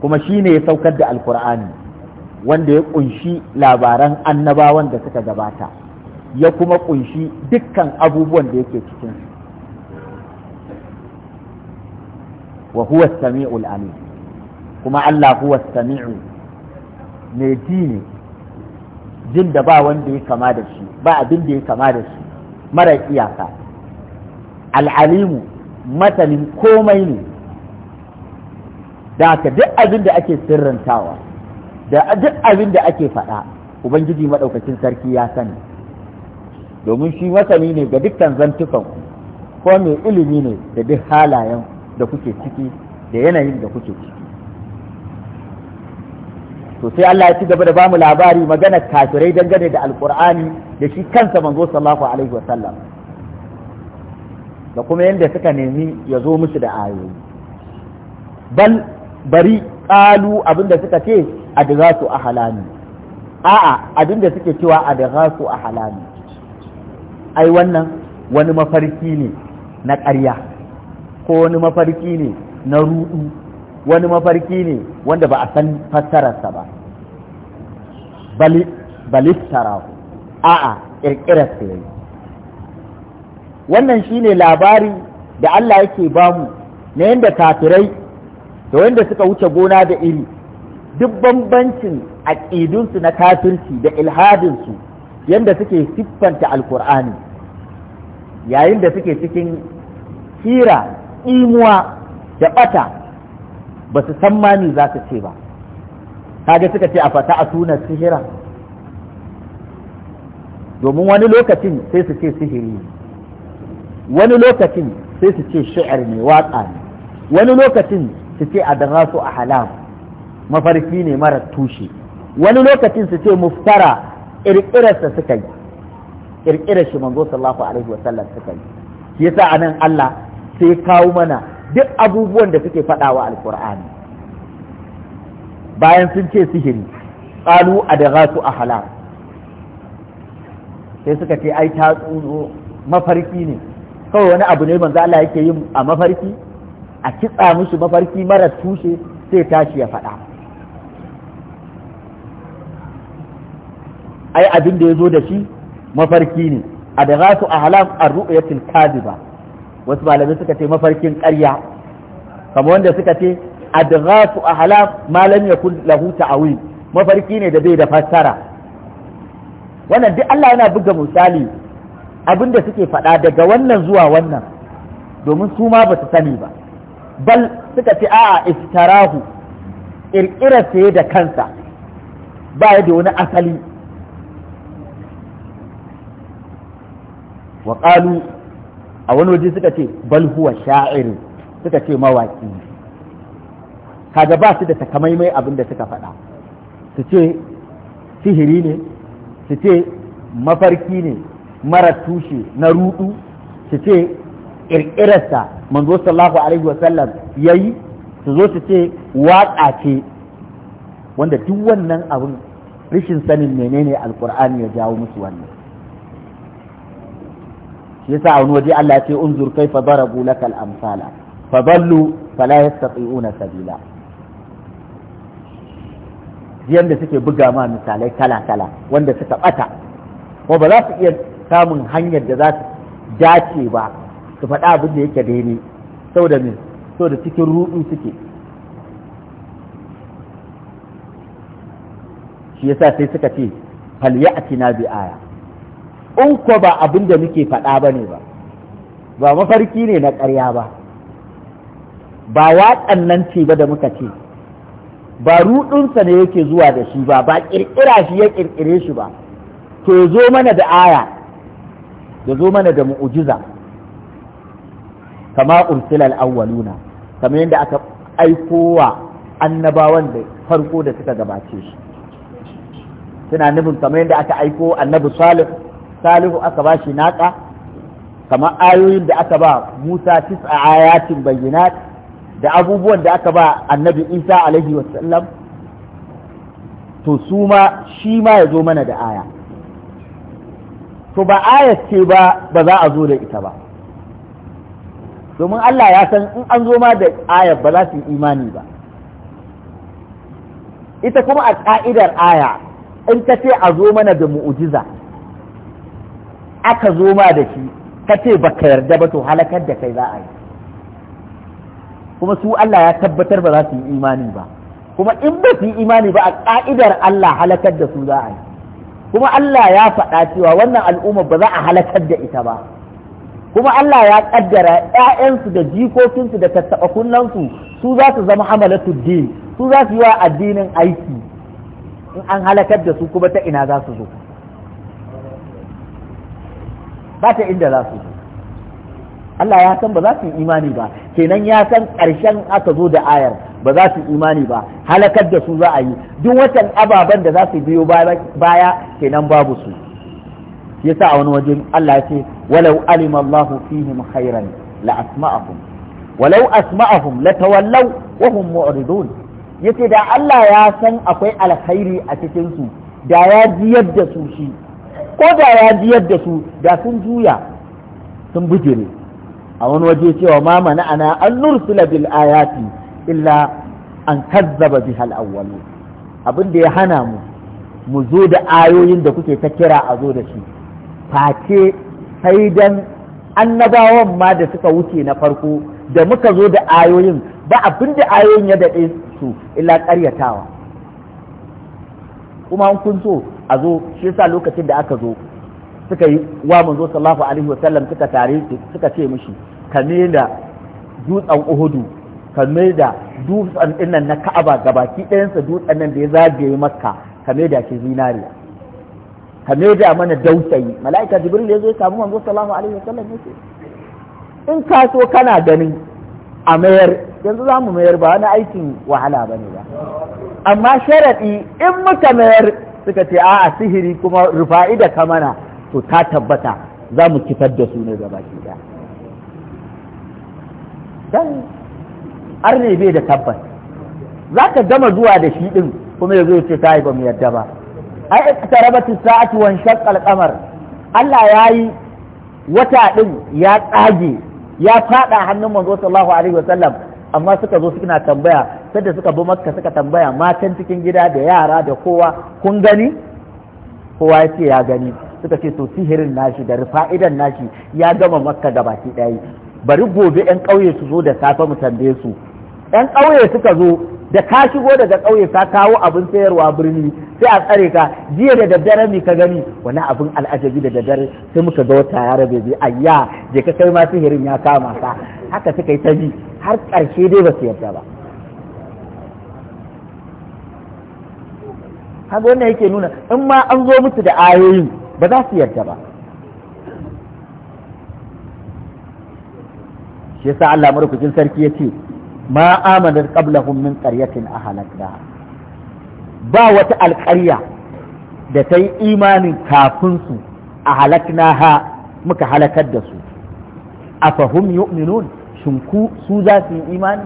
Speaker 1: kuma shi ne ya saukar da alkur'ani wanda ya ƙunshi labaran annabawan da suka gabata ya kuma ƙunshi dukkan abubuwan da yake cikin wa huwa sami'ul alim kuma Allah huwa sami'u mai ji ne jin da ba wanda ya kama da shi ba abin da ya kama da shi mara iyaka al'alimu matanin komai ne da ka duk abin da ake sirrantawa da duk abin da ake faɗa ubangiji maɗaukacin sarki ya sani domin shi masani ne ga dukkan zantukan ko mai ilimi ne da duk halayen da kuke ciki da yanayin da kuke ciki to sai Allah ya ci gaba da bamu labari magana kafirai dangane da alkur'ani da shi kansa manzo sallallahu alaihi wasallam da kuma yadda suka nemi ya zo musu da ayoyi bal bari kalu abinda suka ce adghasu ahlani a'a abinda suke cewa adghasu ahlani ai wannan wani mafarki ne na ƙarya ko wani mafarki ne na ruɗu wani mafarki ne wanda ba a san fassararsa ba balittara a'a ƙirƙirar ya yi wannan shine labari da Allah yake bamu na yadda kafirai da wanda suka wuce gona da iri duk bambancin aƙidunsu na kafirci da ilhadinsu yadda suke siffanta alkur'ani yayin da suke cikin hira imuwa da ɓata ba su san mani za su ce ba kaga suka ce a fata a tunar sihira domin wani lokacin sai su ce sihiri wani lokacin sai su ce shi'ar ne waƙa ne wani lokacin su ce a darasu a halam mafarki ne mara tushe wani lokacin su ce muftara ƙirƙirarsa suka yi ƙirƙirar shi manzo sallallahu alaihi wa sallam suka yi shi yasa anan Allah sai kawo mana duk abubuwan da suke faɗawa Alƙur'ani bayan sun ce sihiri tsalu a da a halar sai suka ce ai ta mafarki ne kawai wani abu ne manzo Allah yake yin a mafarki a kitsa musu mafarki mara tushe sai tashi ya faɗa ai abin da ya zo da shi mafarki ne a da rasu a halar a ru'yatul kadiba wasu malamai suka ce mafarkin ƙarya kamar wanda suka ce adghasu ahlam ma lam yakun lahu ta'wil mafarki ne da bai da fassara wannan duk Allah yana buga misali abinda suke faɗa daga wannan zuwa wannan domin su ma ba su sani ba bal suka ce a'a iftarahu ƙirƙirar sai da kansa ba ya da wani asali wa a wani waje suka ce bal huwa sha'ir suka ce mawaki kaga ba su da takamaimai abin da suka faɗa su ce sihiri ne su ce mafarki ne mara tushe na rudu su ce ƙirƙirarsa manzo sallahu alaihi wasallam ya yi su zo su ce waƙa ce wanda duk wannan abin rashin sanin menene alkur'ani ya jawo musu wannan yasa a wani waje Allah ya ce unzur fa darabu lakal amsala fadallu fala yastati'una sabila yanda suke buga ma misalai kala kala wanda suka bata ko ba za su iya samun hanyar da za su dace ba su faɗa abin da yake daidai saboda me saboda cikin ruɗu suke shi yasa sai suka ce fal ya'tina bi aya in ko ba abin da muke faɗa ba ne ba ba mafarki ne na ƙarya ba ba waƙan nan ce ba da muka ce ba ruɗinsa ne yake zuwa da shi ba ba ƙirƙira shi ya ƙirƙire shi ba to ya zo mana da aya ya zo mana da mu'ujiza kama ursilal awwaluna kamar yadda aka aiko wa annabawan da farko da suka gabace shi suna nufin kamar yadda aka aiko annabi salih salihu aka ba shi naƙa kamar ayoyin da aka ba musa tis'a ayatin bayyinat da abubuwan da aka ba annabi isa alaihi wasallam to su ma shi ma ya zo mana da aya to ba aya ce ba ba za a zo da ita ba domin Allah ya san in an zo ma da aya ba za su yi imani ba ita kuma a ka'idar aya in ka ce a zo mana da mu'ujiza aka zo ma da shi ka ce baka yarda ba to halakar da kai za a yi kuma su Allah ya tabbatar ba za su yi imani ba kuma in ba su yi imani ba a ƙa'idar Allah halakar da su za a yi kuma Allah ya faɗa cewa wannan al'umma ba za a halakar da ita ba kuma Allah ya ƙaddara ‘ya'yansu da jikokinsu da tattaɓa su za su zama hamalatu din su za su yi wa addinin aiki in an halakar da su kuma ta ina za su zo ba ta inda za su Allah ya san ba za su yi imani ba kenan ya san ƙarshen aka zo da ayar ba za su yi imani ba halakar da su za a yi duk watan ababen da za su biyo baya kenan babu su sa a wani waje Allah ya ce walau alima fihim khairan la asma'ahum walau asma'ahum la tawallaw wa hum mu'ridun yace da Allah ya san akwai alkhairi a cikin su da ya ji yadda su shi ko da ya jiyar da su da sun juya sun bijire a wani waje cewa ma mana ana an nursila bil ayati illa an kazzaba bihal awwalu abin da ya hana mu mu zo da ayoyin da kuke ta kira a zo da shi face sai dan annabawan ma da suka wuce na farko da muka zo da ayoyin ba abin da ayoyin ya daɗe su illa ƙaryatawa kuma an kun so a zo shi yasa lokacin da aka zo suka yi wa manzo sallallahu alaihi wa sallam suka tare suka ce mishi ka da dutsen uhudu ka da dutsen dinnan na ka'aba gabaki ɗayansa dutsen nan da ya zagaye makka ka da ke zinariya ka da mana dausayi mala'ika jibril ya zo ya samu manzo sallallahu alaihi wa sallam ya ce in ka so kana ganin a mayar yanzu za mu mayar ba wani aikin wahala ba ne ba amma sharaɗi in muka mayar suka ce a'a sihiri kuma rufa'i da kamana to ta tabbata za mu kifar da su ne gaba ke da don arne bai da tabbas za ka gama zuwa da shi ɗin kuma ya zo ce ta yi ba mu yadda ba ai ta sa'atu wa shaqqal qamar Allah yayi wata ɗin ya tsage ya faɗa hannun manzo sallallahu alaihi wasallam amma suka zo suna tambaya da suka bi makka suka tambaya matan cikin gida da yara da kowa kun gani kowa ya ce ya gani suka ce to sihirin nashi da rufa'idan nashi ya gama makka ga baki ɗaya bari gobe yan ƙauye su zo da safe mu tambaye su yan ƙauye suka zo da ka shigo daga ƙauye ka kawo abin sayarwa birni sai a tsare ka jiya da daddare ne ka gani wani abin al'ajabi da daddare sai muka ga wata yara bai ayya je ka kai ma sihirin ya kama ka haka suka yi ta bi har ƙarshe dai ba su yarda ba haka wannan yake nuna in ma an zo musu da ayoyin ba za su yarda ba shi yasa Allah madaukakin sarki yace ma amanar qablahum min qaryatin ahlaknaha ba wata alƙarya da ta yi imanin kafin su a halakna ha muka halakar da su a fahim yu'minun su za su yi imani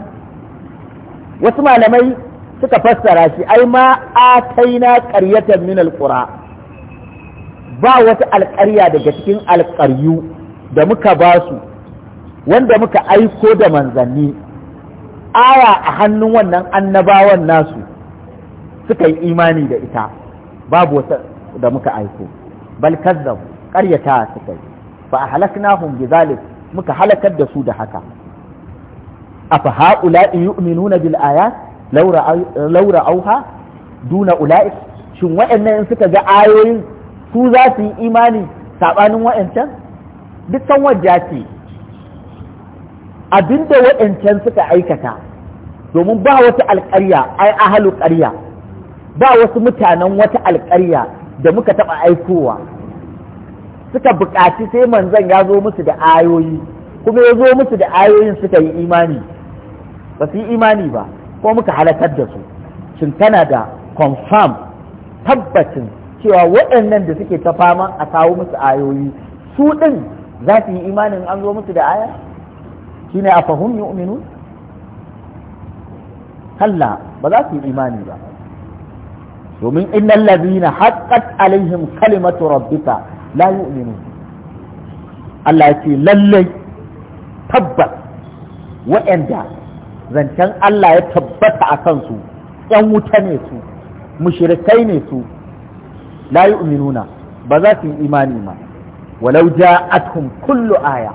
Speaker 1: wasu malamai suka fassara shi ai ma a-kai-na-ƙarya ƙaryatar min alƙura ba wata alƙarya daga cikin alƙaryu da muka ba su wanda muka aiko da manzanni aya a hannun wannan annabawan nasu suka yi imani da ita babu wata da muka aiko bal kazzab ƙaryata suka yi fa muka halakar da su da haka afa haula'i yu'minuna bil ayat laura auha duna ula'ik shin waɗannan in suka ga ayoyin su za su yi imani saɓanin waɗancan dukkan wajja ce abinda waɗancan suka aikata domin ba wata alƙarya ai ahalu ƙarya ba wasu mutanen wata alƙarya da muka taɓa aikowa suka buƙaci sai manzan ya zo musu da ayoyi kuma ya zo musu da ayoyin suka yi imani ba su yi imani ba ko muka halakar da su shin kana da confirm tabbacin cewa waɗannan da suke ta fama a kawo musu ayoyi su ɗin za su yi imanin an zo musu da aya shine a fahimmi uminu kalla ba za su yi imani ba domin innal ladina haqqat alaihim kalimatu rabbika la yu'minun Allah ce lallai tabbas waɗanda zancen Allah ya tabbata a kansu ‘yan wuta ne su mushrikai ne su la yu'minuna ba za su yi imani ma walau ja'atuhum kullu aya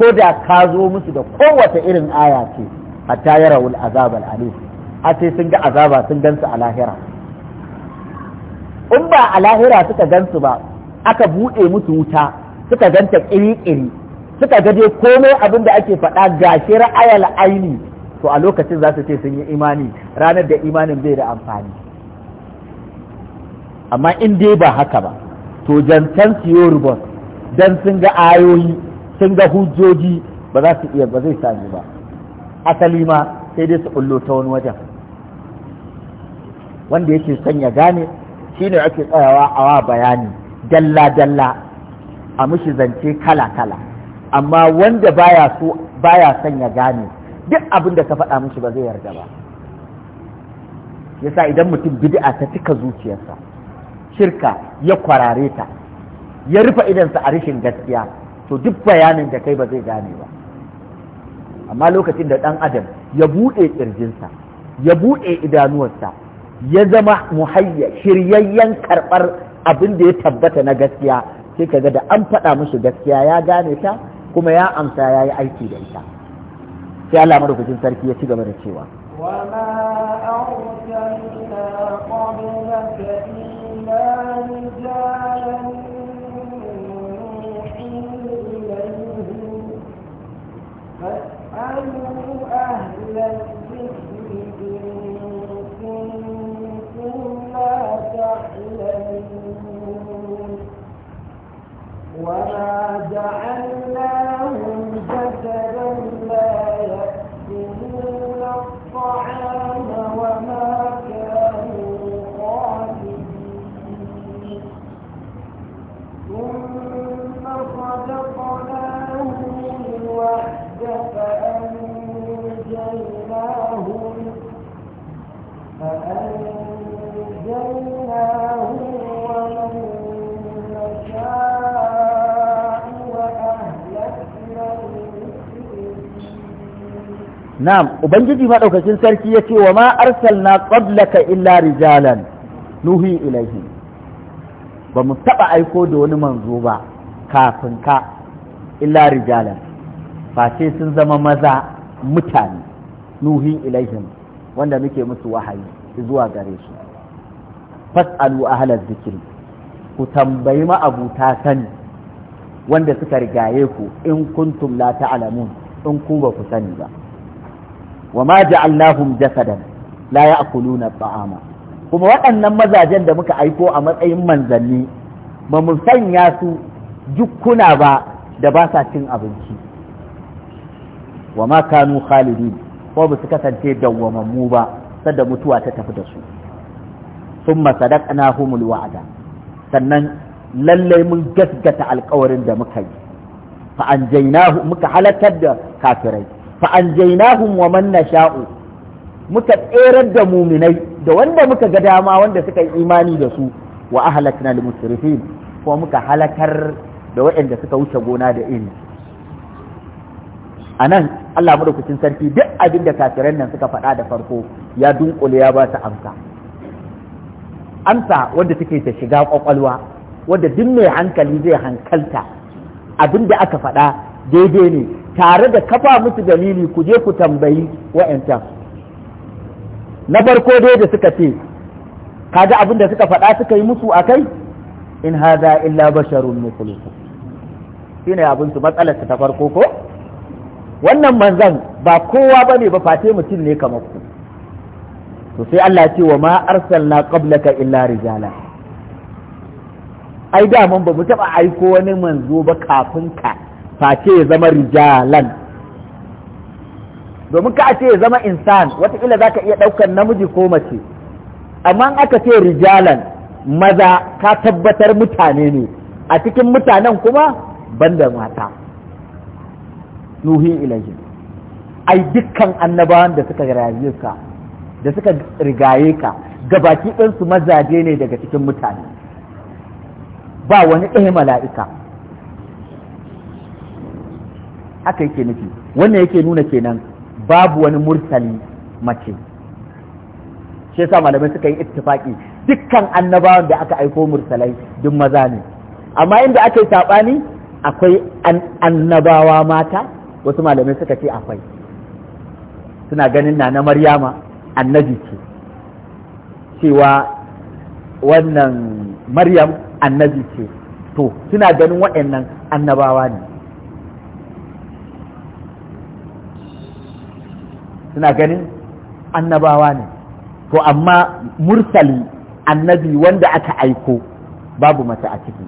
Speaker 1: ko da ka zo musu da kowace irin aya ce hatta yarawul azabal alim a sai sun ga azaba sun gansu a lahira in ba a lahira suka gansu ba aka buɗe musu wuta suka ganta ƙiri-ƙiri suka ga dai komai abin da ake faɗa shi ra'ayal aini to a lokacin za su ce sun yi imani ranar da imanin zai da amfani amma in dai ba haka ba to jantan siyoribus don sun ga ayoyi sun ga hujjoji ba za su iya ba zai sami ba asali ma sai dai su ɓullo ta wani wajen wanda yake son ya gane shine ake tsayawa a wa bayani dalla dalla a mushi zance kala kala amma wanda baya so son ya gane duk abin da ka faɗa mushi ba zai yarda ba yasa idan mutum bid'a ta cika zuciyarsa shirka ya kwarare ta ya rufe idansa a rashin gaskiya to duk bayanin da kai ba zai gane ba amma lokacin da ɗan adam ya buɗe ƙirjinsa ya buɗe idanuwarsa ya zama muhayya shiryayyen karɓar abin da ya tabbata na gaskiya sai ka ga da an faɗa musu gaskiya ya gane ta kuma ya amsa ya yi aiki da ita sai Allah madaukakin sarki ya ci gaba da cewa Thank you. na'am ubangiji madaukakin sarki yace wa ma arsalna qablaka illa rijalan nuhi ilaihi ba mu taba aiko da wani manzo ba kafin ka illa rijalan face sun zama maza mutane nuhi ilaihim wanda muke musu wahayi zuwa gare su fas'alu ahlaz zikri ku tambayi ma'abuta sani wanda suka rigaye ku in kuntum la ta'lamun in ku ba ku sani ba wa ma ja'alnahum jasadan la ya'kuluna ta'ama kuma waɗannan mazajen da muka aiko a matsayin manzanni ba mu sanya su jukkuna ba da ba sa cin abinci wa ma kanu khalidin ko ba su kasance dawwamammu ba sada mutuwa ta tafi da su thumma sadaqnahumul wa'ada sannan lallai mun gaskata alkawarin da muka yi fa anjaynahu muka halartar da kafirai fa anjaynahum wa man nasha'u muka tserar da muminai da wanda muka ga dama wanda suka yi imani da su wa ahlakna lil musrifin ko muka halakar da waɗanda suka wuce gona da iri a nan Allah kucin sarki duk abin da kafiran nan suka faɗa da farko ya dunkule ya ba su amsa amsa wanda take ta shiga kwakwalwa wanda duk mai hankali zai hankalta abin da aka faɗa daidai ne tare da kafa musu dalili ku je ku tambayi wa'yancan na farko dai da suka ce kaga abin da suka faɗa suka yi musu a kai in hada illa basharun shi ne abin su matsalar ta farko ko wannan manzan ba kowa ba ne ba fate mutum ne kamar ku to sai Allah ce wa ma arsalna qablaka illa rijala ai da mun ba mu taba aiko wani manzo ba kafin ka face ya zama rijalan domin ka ce ya zama insan watakila za ka iya ɗaukar namiji ko mace amma aka ce rijalan maza ka tabbatar mutane ne a cikin mutanen kuma banda mata nuhi ilahi ai dukkan annabawan da suka raye ka da suka rigaye ka gabaki ɗansu mazaje ne daga cikin mutane ba wani ɗaya mala'ika haka yake nufi wannan yake nuna kenan babu wani mursali mace shi yasa malamai suka yi ittifaki dukkan annabawan da aka aiko mursalai duk maza ne amma inda aka yi saɓani akwai annabawa mata wasu malamai suka ce akwai suna ganin na na maryama annabi ce cewa wannan maryam annabi ce to suna ganin waɗannan annabawa ne suna ganin annabawa ne to amma mursali annabi wanda aka aiko babu mace a ciki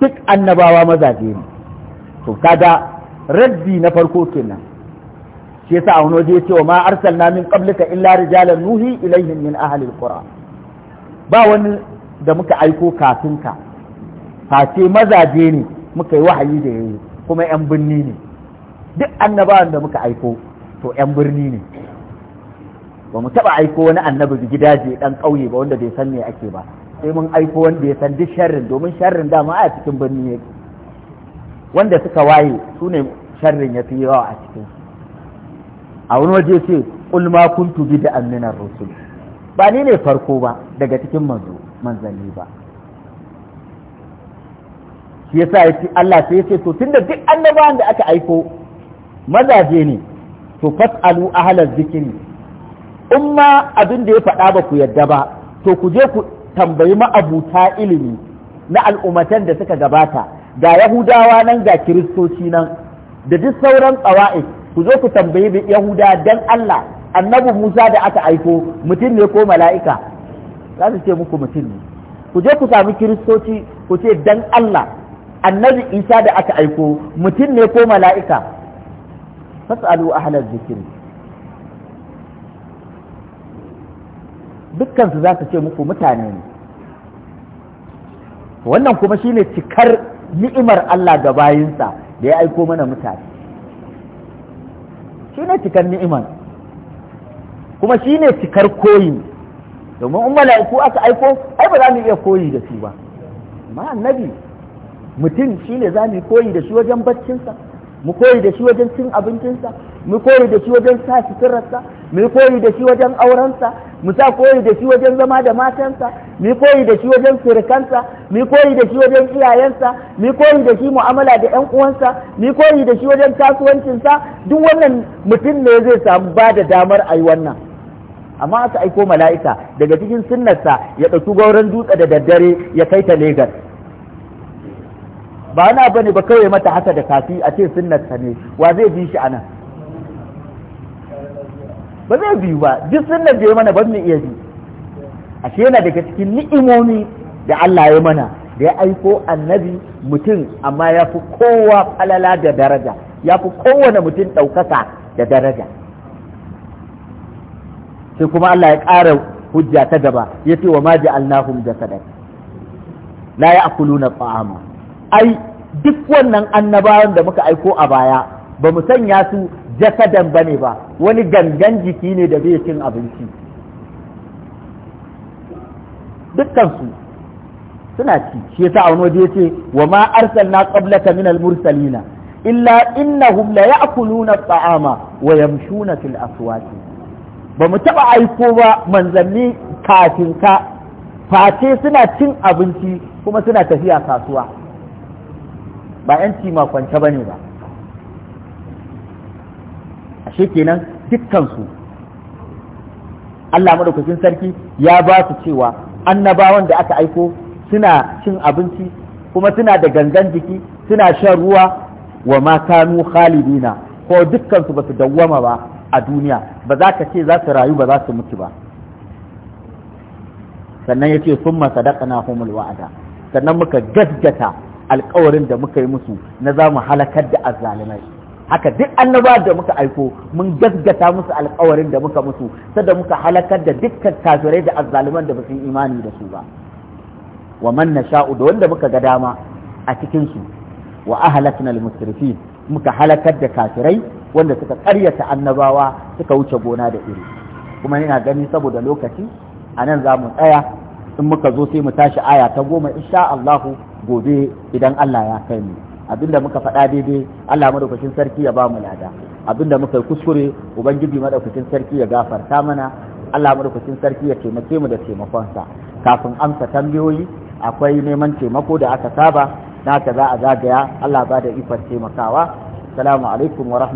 Speaker 1: duk annabawa mazaje ne to kaga raddi na farko kenan shi yasa wani waje cewa ma arsalna min qablika illa rijalan nuhi ilaihim min ahli alqura ba wani da muka aiko kafin ka face mazaje ne muka yi wahayi da yayi kuma yan binni ne duk annabawan da muka aiko to 'yan birni ne ba mu taɓa aiko wani annabi gidaje ɗan ƙauye ba wanda bai san me ake ba sai mun aiko wanda ya san duk sharrin domin sharrin dama a cikin birni ne. wanda suka waye su ne sharrin ya fi yawa a cikin a wani waje ce kul ma kuntu bi da aminar rusul ba ni ne farko ba daga cikin manzo manzanni ba shi yasa yace Allah sai ya ce to tunda duk annabawan da aka aiko mazaje ne to fas'alu ahlaz zikri in ma abin da ya faɗa ba ku yadda ba to ku je ku tambayi ma'abuta ilimi na al'ummatan da suka gabata ga yahudawa nan ga kiristoci nan da duk sauran tsawa'i ku zo ku tambayi yahuda dan Allah annabi Musa da aka aiko mutum ne ko mala'ika za su ce muku mutum ne ku je ku sami kiristoci ku ce dan Allah annabi Isa da aka aiko mutum ne ko mala'ika fas'alu ahla zikiri dukkan su za su ce muku mutane ne wannan kuma shine cikar ni'imar Allah ga bayinsa da ya aiko mana mutane shine cikar ni'imar kuma shine cikar koyi domin in mala'iku aka aiko ai ba za mu iya koyi da su ba amma annabi mutum shine za mu koyi da shi wajen baccinsa mu koyi da shi wajen cin abincinsa mu koyi da shi wajen sa suturarsa mu koyi da shi wajen aurensa mu sa koyi da shi wajen zama da matansa mu koyi da shi wajen surukansa mu koyi da shi wajen iyayensa mu koyi da shi mu'amala da 'yan uwansa mu koyi da shi wajen kasuwancinsa duk wannan mutum ne zai samu ba da damar a yi wannan amma aka aiko mala'ika daga cikin sunnarsa ya ɗauki gauran dutse da daddare ya kai ta Legas ba na bane ba kawai mata haka da kafi a ce sunnarsa ne wa zai bi shi anan ba zai bi ba duk sunnar da ya mana ban mu iya bi ashe yana daga cikin ni'imomi da Allah ya mana da ya aiko annabi mutum amma ya fi kowa falala da daraja ya fi kowane mutum ɗaukaka da daraja sai kuma Allah ya ƙara hujja ta gaba ya ce wa ma Na jasadan la na ta'ama ai duk wannan annabawan da muka aiko a baya ba mu sanya su jasadan ba ba wani gangan jiki ne da zai cin abinci dukkansu suna ci shi yasa a wani ya ce wa ma arsalna qablaka min al-mursalina illa innahum la ya'kuluna at-ta'ama wa yamshuna fil aswaq ba mu taba aiko ba manzanni kafin ka face suna cin abinci kuma suna tafiya kasuwa ba yanci makwance ba ne ba ashe kenan dukkansu Allah madaukakin sarki ya ba su cewa annabawan da aka aiko suna cin abinci kuma suna da gangan jiki suna shan ruwa wa ma kanu khalidina ko dukkansu ba su dawwama ba a duniya ba za ka ce za su rayu ba za su mutu ba sannan ya ce sun sadaqna humul wa'ada sannan muka gaggata alkawarin da muka yi musu na za mu halakar da azzalumai haka duk annaba da muka aiko mun gaggata musu alkawarin da muka musu sada muka halakar da dukkan kafirai da azzaluman da basu imani da su ba wa man nasha'u da wanda muka ga dama a cikin su wa ahlakna al-musrifin muka halakar da kafirai wanda suka karyata annabawa suka wuce gona da iri kuma ina gani saboda lokaci a nan za mu tsaya in muka zo sai mu tashi aya ta goma insha Allahu gobe idan Allah ya kai mu abinda muka faɗa daidai Allah madaukakin sarki ya ba mu lada abinda muka yi kuskure ubangiji madaukakin sarki ya gafarta mana Allah madaukakin sarki ya taimake mu da taimakonsa kafin amsa tambayoyi akwai neman taimako da aka saba na za a zagaya Allah ba da ikon taimakawa assalamu alaikum wa